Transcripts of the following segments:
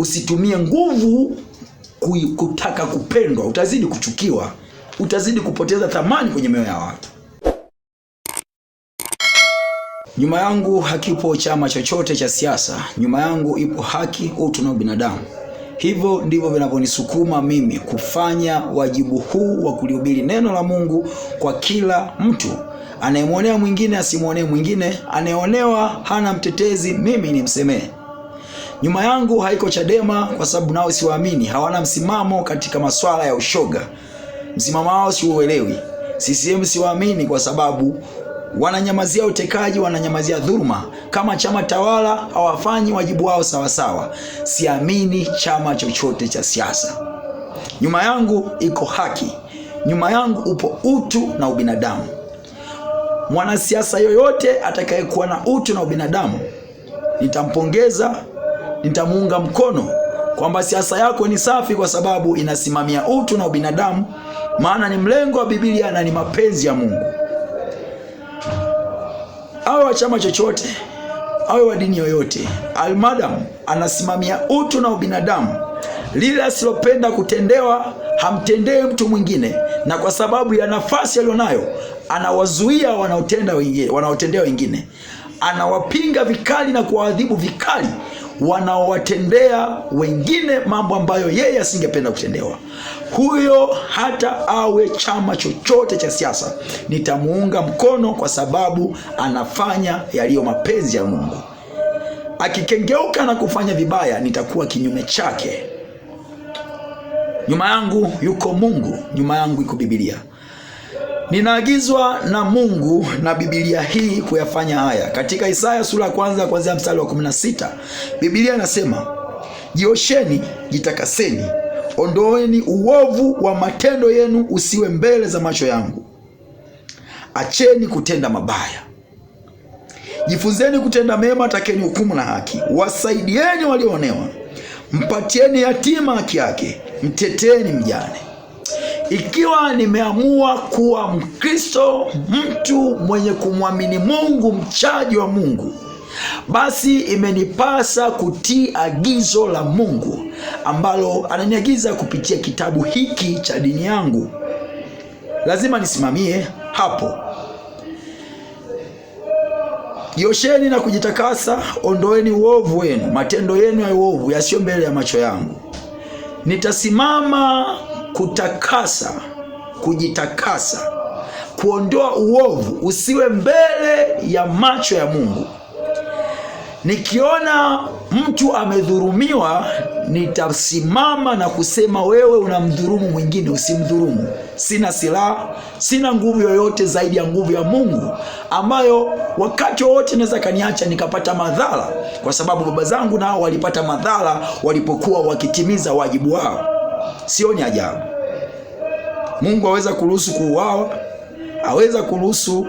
Usitumie nguvu kutaka kupendwa, utazidi kuchukiwa, utazidi kupoteza thamani kwenye mioyo ya watu. Nyuma yangu hakipo chama chochote cha siasa, nyuma yangu ipo haki, utu na binadamu. Hivyo ndivyo vinavyonisukuma mimi kufanya wajibu huu wa kulihubiri neno la Mungu kwa kila mtu. Anayemwonea mwingine asimwonee mwingine, anayeonewa hana mtetezi, mimi nimsemee. Nyuma yangu haiko Chadema kwa sababu nao siwaamini, hawana msimamo katika masuala ya ushoga, msimamo wao siuelewi. CCM siwaamini kwa sababu wananyamazia utekaji, wananyamazia dhuluma. Kama chama tawala hawafanyi wajibu wao sawasawa. Siamini chama chochote cha siasa. Nyuma yangu iko haki, nyuma yangu upo utu na ubinadamu. Mwanasiasa yoyote atakayekuwa na utu na ubinadamu nitampongeza nitamuunga mkono kwamba siasa yako ni safi kwa sababu inasimamia utu na ubinadamu, maana ni mlengo wa Biblia na ni mapenzi ya Mungu. Awe wa chama chochote, awe wa dini yoyote, almadam anasimamia utu na ubinadamu, lile asilopenda kutendewa hamtendei mtu mwingine, na kwa sababu ya nafasi aliyonayo anawazuia wanaotenda wengine, wanaotendea wengine, anawapinga vikali na kuwaadhibu vikali wanaowatendea wengine mambo ambayo yeye asingependa kutendewa. Huyo hata awe chama chochote cha siasa, nitamuunga mkono kwa sababu anafanya yaliyo mapenzi ya Mungu. Akikengeuka na kufanya vibaya, nitakuwa kinyume chake. Nyuma yangu yuko Mungu, nyuma yangu iko Biblia. Ninaagizwa na Mungu na Biblia hii kuyafanya haya. Katika Isaya sura ya kwanza kuanzia mstari wa 16, Biblia inasema jiosheni, jitakaseni, ondoeni uovu wa matendo yenu usiwe mbele za macho yangu. Acheni kutenda mabaya, jifunzeni kutenda mema, takeni hukumu na haki, wasaidieni walioonewa, mpatieni yatima haki yake, mteteni mjane. Ikiwa nimeamua kuwa Mkristo, mtu mwenye kumwamini Mungu, mchaji wa Mungu, basi imenipasa kutii agizo la Mungu ambalo ananiagiza kupitia kitabu hiki cha dini yangu. Lazima nisimamie hapo. Jiosheni na kujitakasa, ondoeni uovu wenu, matendo yenu ya uovu yasiyo mbele ya macho yangu. Nitasimama kutakasa, kujitakasa, kuondoa uovu usiwe mbele ya macho ya Mungu. Nikiona mtu amedhurumiwa, nitasimama na kusema, wewe unamdhurumu mwingine, usimdhurumu. Sina silaha, sina nguvu yoyote zaidi ya nguvu ya Mungu, ambayo wakati wowote naweza kaniacha nikapata madhara, kwa sababu baba zangu nao walipata madhara walipokuwa wakitimiza wajibu wao sioni ajabu. Mungu aweza kuruhusu kuuawa, aweza kuruhusu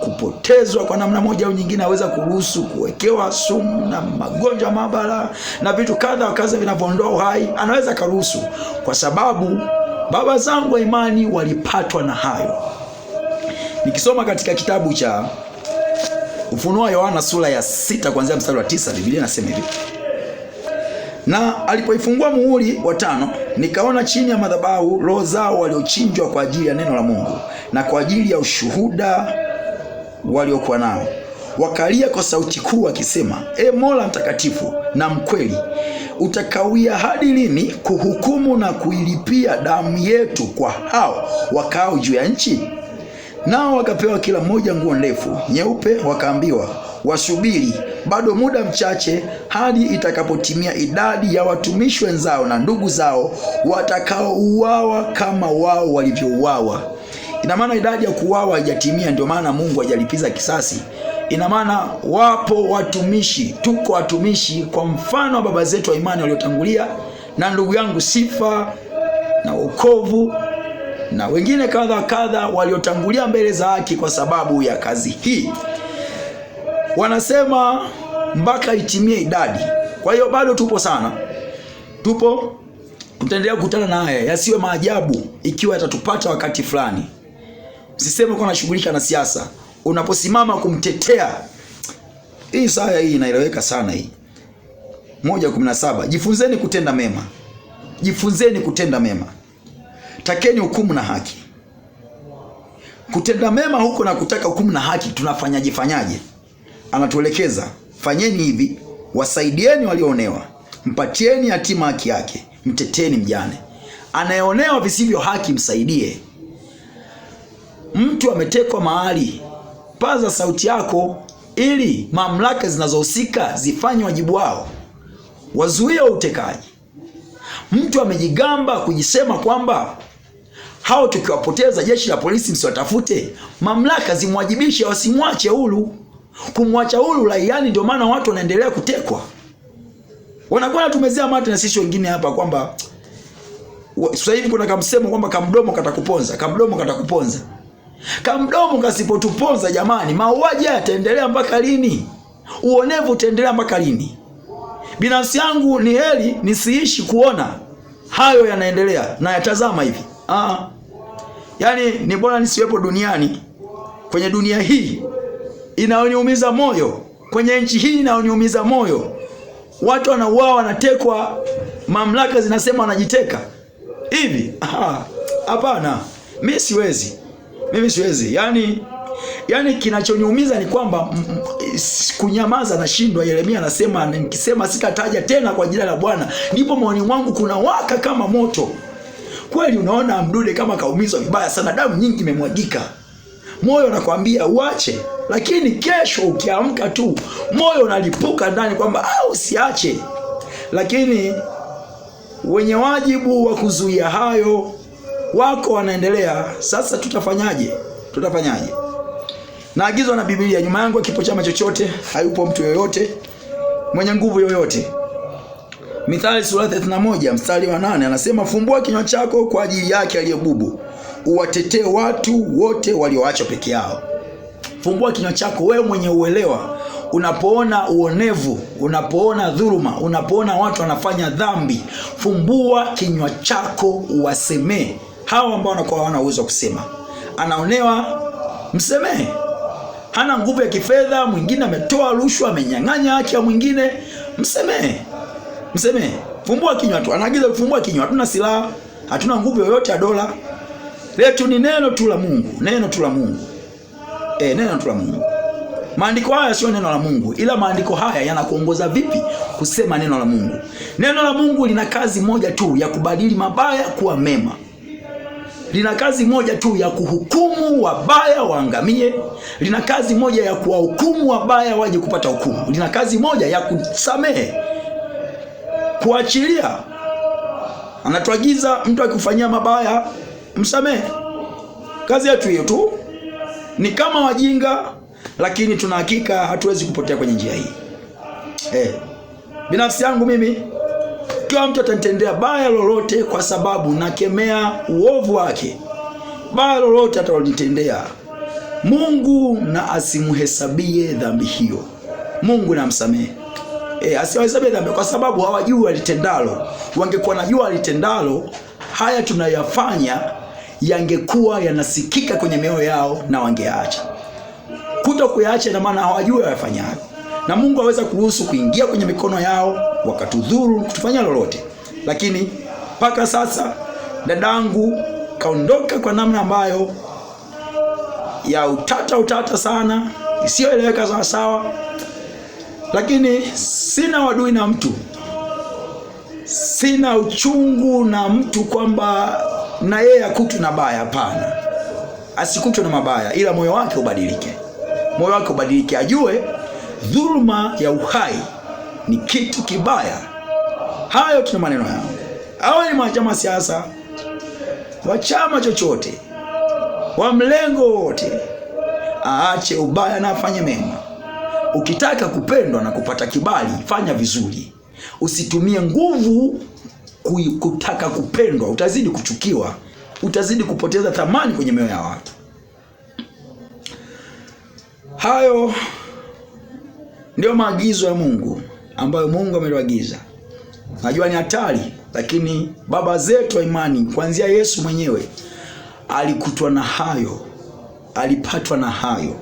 kupotezwa kwa namna moja au nyingine, aweza kuruhusu kuwekewa sumu na magonjwa mabara na vitu kadha wakaza vinavyoondoa uhai, anaweza karuhusu, kwa sababu baba zangu wa imani walipatwa na hayo. Nikisoma katika kitabu cha Ufunuo Yohana sura ya sita kuanzia mstari wa tisa Biblia inasema hivi: na alipoifungua muhuri wa tano Nikaona chini ya madhabahu roho zao waliochinjwa kwa ajili ya neno la Mungu na kwa ajili ya ushuhuda waliokuwa nao. Wakalia kwa sauti kuu wakisema, E Mola mtakatifu na mkweli, utakawia hadi lini kuhukumu na kuilipia damu yetu kwa hao wakao juu ya nchi? Nao wakapewa kila mmoja nguo ndefu nyeupe, wakaambiwa wasubiri bado muda mchache hadi itakapotimia idadi ya watumishi wenzao na ndugu zao watakaouawa kama wao walivyouawa. Ina maana idadi ya kuuawa haijatimia, ndio maana Mungu hajalipiza kisasi. Ina maana wapo watumishi, tuko watumishi kwa mfano wa baba zetu wa imani waliotangulia, na ndugu yangu sifa na wokovu na wengine kadha kadha waliotangulia mbele za haki kwa sababu ya kazi hii wanasema mpaka itimie idadi. Kwa hiyo bado tupo sana, tupo mtaendelea kukutana na haya. Yasiwe maajabu ikiwa yatatupata wakati fulani. Msiseme kwa nashughulika na siasa unaposimama kumtetea. Hii saya hii inaeleweka sana hii. Moja kumi na saba. Jifunzeni kutenda mema, jifunzeni kutenda mema, takeni hukumu na haki. Kutenda mema huko na kutaka hukumu na haki, tunafanyaje fanyaje? anatuelekeza fanyeni hivi, wasaidieni walioonewa, mpatieni yatima haki yake, mteteni mjane, anayeonewa visivyo haki msaidie. Mtu ametekwa mahali, paza sauti yako ili mamlaka zinazohusika zifanye wajibu wao, wazuie utekaji. Mtu amejigamba kujisema kwamba hao tukiwapoteza jeshi la polisi msiwatafute, mamlaka zimwajibishe, wasimwache huru kumwacha huyu raiani. Ndio maana watu wanaendelea kutekwa, wanakuwa natumezea mate na sisi wengine hapa kwamba sasa hivi kuna kamsemo kwamba kamdomo katakuponza, kamdomo katakuponza. Kamdomo kasipotuponza jamani, mauaji yataendelea mpaka lini? Uonevu utaendelea mpaka lini? Binafsi yangu ni heri nisiishi kuona hayo yanaendelea na yatazama hivi. Ah, yaani ni bora nisiwepo duniani, kwenye dunia hii inayoniumiza moyo kwenye nchi hii inayoniumiza moyo. Watu wanauawa, wanatekwa, mamlaka zinasema wanajiteka hivi. Hapana, mi siwezi, mimi siwezi. Yani, yani kinachoniumiza ni kwamba kunyamaza, nashindwa. Yeremia anasema nikisema sitataja tena kwa jina la Bwana, ndipo maoni mwangu kuna waka kama moto. Kweli unaona Mdude kama kaumizwa vibaya sana, damu nyingi imemwagika moyo unakwambia uache, lakini kesho ukiamka tu moyo unalipuka ndani kwamba ah, usiache. Lakini wenye wajibu wa kuzuia hayo wako wanaendelea. Sasa tutafanyaje? Tutafanyaje? Naagizwa na Biblia, nyuma yangu kipo chama chochote, hayupo mtu yoyote mwenye nguvu yoyote. Mithali sura 31 mstari wa 8 anasema, fumbua kinywa chako kwa ajili yake aliyebubu uwatetee watu wote walioachwa peke yao. Fungua kinywa chako wewe mwenye uelewa, unapoona uonevu, unapoona dhuluma, unapoona watu wanafanya dhambi, fumbua kinywa chako uwasemee hao ambao wanakuwa hawana uwezo wa kusema. Anaonewa, msemee. Hana nguvu ya kifedha, mwingine ametoa rushwa, amenyang'anya haki ya mwingine, msemee, msemee. Fumbua kinywa tu, anaagiza kufumbua kinywa. Hatuna silaha, hatuna nguvu yoyote ya dola letu ni neno tu la Mungu, neno tu la Mungu e, neno tu la Mungu. Maandiko haya sio neno la Mungu, ila maandiko haya yanakuongoza vipi kusema neno la Mungu. Neno la Mungu lina kazi moja tu ya kubadili mabaya kuwa mema, lina kazi moja tu ya kuhukumu wabaya waangamie, lina kazi moja ya kuwahukumu wabaya waje kupata hukumu, lina kazi moja ya kusamehe, kuachilia. Anatuagiza mtu akikufanyia mabaya msamehe. Kazi yetu hiyo tu, ni kama wajinga, lakini tuna hakika hatuwezi kupotea kwenye njia hii. Eh, binafsi yangu mimi, kila mtu atanitendea baya lolote, kwa sababu nakemea uovu wake, baya lolote atalonitendea Mungu na asimhesabie dhambi hiyo. Mungu msamehe. e, eh, asiwahesabie dhambi, kwa sababu hawajui walitendalo. Wangekuwa najua walitendalo, haya tunayafanya yangekuwa yanasikika kwenye mioyo yao na wangeacha. Kuto kuyaacha ina maana hawajui wayafanyayo, na Mungu aweza kuruhusu kuingia kwenye mikono yao wakatudhuru, kutufanya lolote. Lakini mpaka sasa dadangu kaondoka kwa namna ambayo ya utata utata sana isiyoeleweka sawasawa, lakini sina wadui na mtu, sina uchungu na mtu kwamba na yeye akutwe na baya. Hapana, asikutwe na mabaya, ila moyo wake ubadilike, moyo wake ubadilike, ajue dhuluma ya uhai ni kitu kibaya. Hayo tuna maneno yao, awe ni mwanachama siasa wa chama chochote wa mlengo wote, aache ubaya na afanye mema. Ukitaka kupendwa na kupata kibali, fanya vizuri, usitumie nguvu kutaka kupendwa, utazidi kuchukiwa, utazidi kupoteza thamani kwenye mioyo ya watu. Hayo ndio maagizo ya Mungu ambayo Mungu ameliagiza Najua ni hatari, lakini baba zetu wa imani kuanzia Yesu mwenyewe alikutwa na hayo, alipatwa na hayo.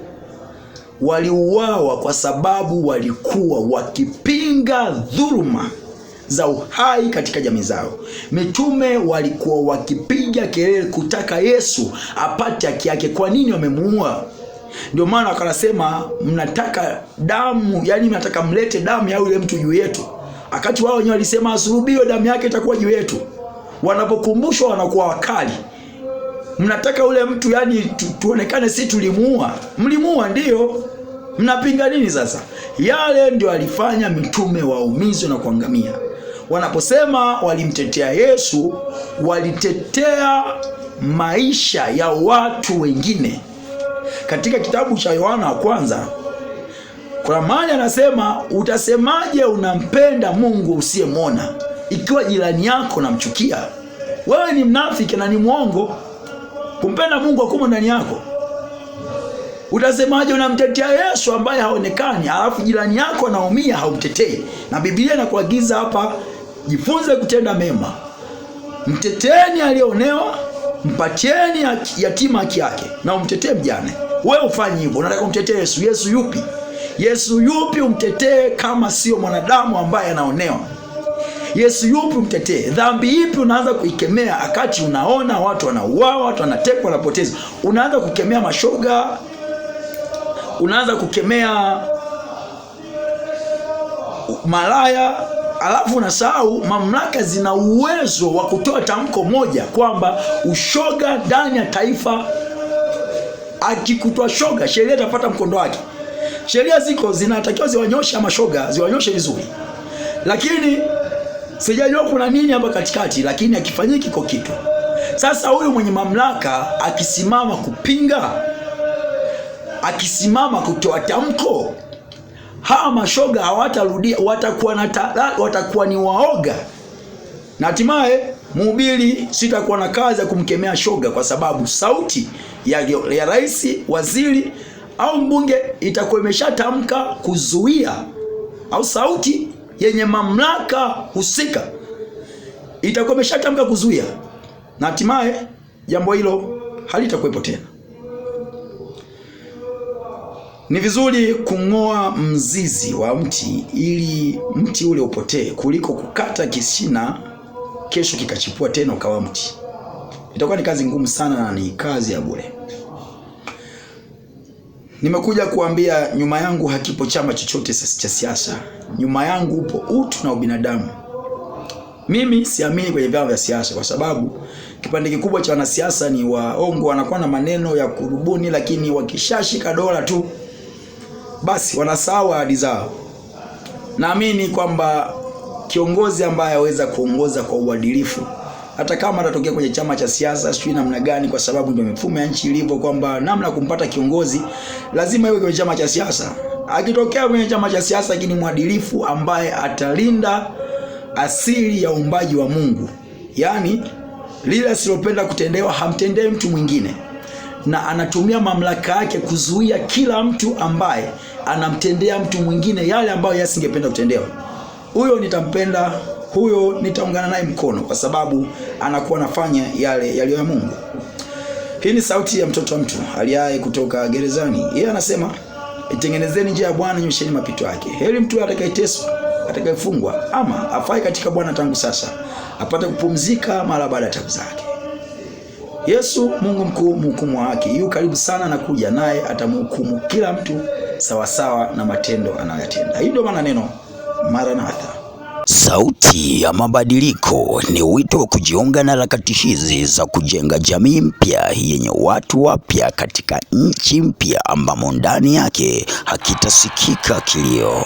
Waliuawa kwa sababu walikuwa wakipinga dhuluma za uhai katika jamii zao. Mitume walikuwa wakipiga kelele kutaka Yesu apate haki yake. Kwa nini wamemuua? Ndio maana akanasema mnataka damu, yani mnataka mlete damu ya yule mtu juu yetu, wakati wao wenyewe walisema asulubiwe, damu yake itakuwa juu yetu. Wanapokumbushwa wanakuwa wakali. Mnataka ule mtu yani tu, tuonekane si tulimuua. Mlimuua ndiyo, mnapinga nini sasa? Yale ndio alifanya mitume waumizwe na kuangamia. Wanaposema walimtetea Yesu, walitetea maisha ya watu wengine. Katika kitabu cha Yohana wa kwanza kuna mahali anasema, utasemaje unampenda Mungu usiyemwona ikiwa jirani yako namchukia? Wewe ni mnafiki na ni mwongo. Kumpenda Mungu akumo ndani yako. Utasemaje unamtetea Yesu ambaye haonekani, alafu jirani yako anaumia haumtetei? Na Biblia inakuagiza hapa jifunze kutenda mema, mteteni aliyeonewa, mpatieni yatima haki yake, na umtetee mjane. We ufanye hivyo, unataka umtetee Yesu? Yesu yupi? Yesu yupi umtetee kama sio mwanadamu ambaye anaonewa? Yesu yupi umtetee? Dhambi ipi unaanza kuikemea akati unaona watu wanauawa, watu wanatekwa, wanapotezwa? Unaanza kukemea mashoga, unaanza kukemea malaya alafu unasahau mamlaka zina uwezo wa kutoa tamko moja kwamba ushoga ndani ya taifa, akikutwa shoga, sheria itapata mkondo wake. Sheria ziko zinatakiwa ziwanyoshe mashoga, ziwanyoshe vizuri, lakini sijajua kuna nini hapa katikati, lakini akifanyiki kwa kitu. Sasa huyu mwenye mamlaka akisimama kupinga, akisimama kutoa tamko hawa mashoga hawatarudia, watakuwa na watakuwa ni waoga, na hatimaye mhubiri sitakuwa na kazi ya kumkemea shoga, kwa sababu sauti ya, ya rais, waziri au mbunge itakuwa imeshatamka kuzuia, au sauti yenye mamlaka husika itakuwa imeshatamka kuzuia, na hatimaye jambo hilo halitakuwepo tena. Ni vizuri kung'oa mzizi wa mti ili mti ule upotee kuliko kukata kishina kesho kikachipua tena ukawa mti. Itakuwa ni kazi ngumu sana na ni kazi ya bure. Nimekuja kuambia nyuma yangu hakipo chama chochote cha siasa. Nyuma yangu upo utu na ubinadamu. Mimi siamini kwenye vyama vya siasa kwa sababu kipande kikubwa cha wanasiasa ni waongo, wanakuwa na maneno ya kurubuni, lakini wakishashika dola tu basi wanasahau ahadi zao. Naamini kwamba kiongozi ambaye aweza kuongoza kwa uadilifu hata kama atatokea kwenye chama cha siasa sijui namna gani, kwa sababu ndio mifumo ya nchi ilivyo, kwamba namna ya kumpata kiongozi lazima iwe kwenye chama cha siasa. Akitokea kwenye chama cha siasa, lakini mwadilifu ambaye atalinda asili ya uumbaji wa Mungu, yaani lile asilopenda kutendewa hamtendei mtu mwingine na anatumia mamlaka yake kuzuia kila mtu ambaye anamtendea mtu mwingine yale ambayo yeye asingependa kutendewa. Huyo nitampenda, huyo nitaungana naye mkono, kwa sababu anakuwa anafanya yale yaliyo ya Mungu. Hii ni sauti ya mtoto wa mtu aliaye kutoka gerezani. Yeye anasema, itengenezeni njia ya Bwana, nyosheni mapito yake. Heri mtu atakayeteswa atakayefungwa ama afai katika Bwana tangu sasa, apate kupumzika mara baada ya tabu zake. Yesu Mungu mkuu, mhukumu wa haki, yu karibu sana na kuja naye atamhukumu kila mtu sawasawa na matendo anayotenda. Hii ndio maana neno Maranatha. Sauti ya Mabadiliko ni wito wa kujiunga na harakati hizi za kujenga jamii mpya yenye watu wapya katika nchi mpya ambamo ndani yake hakitasikika kilio.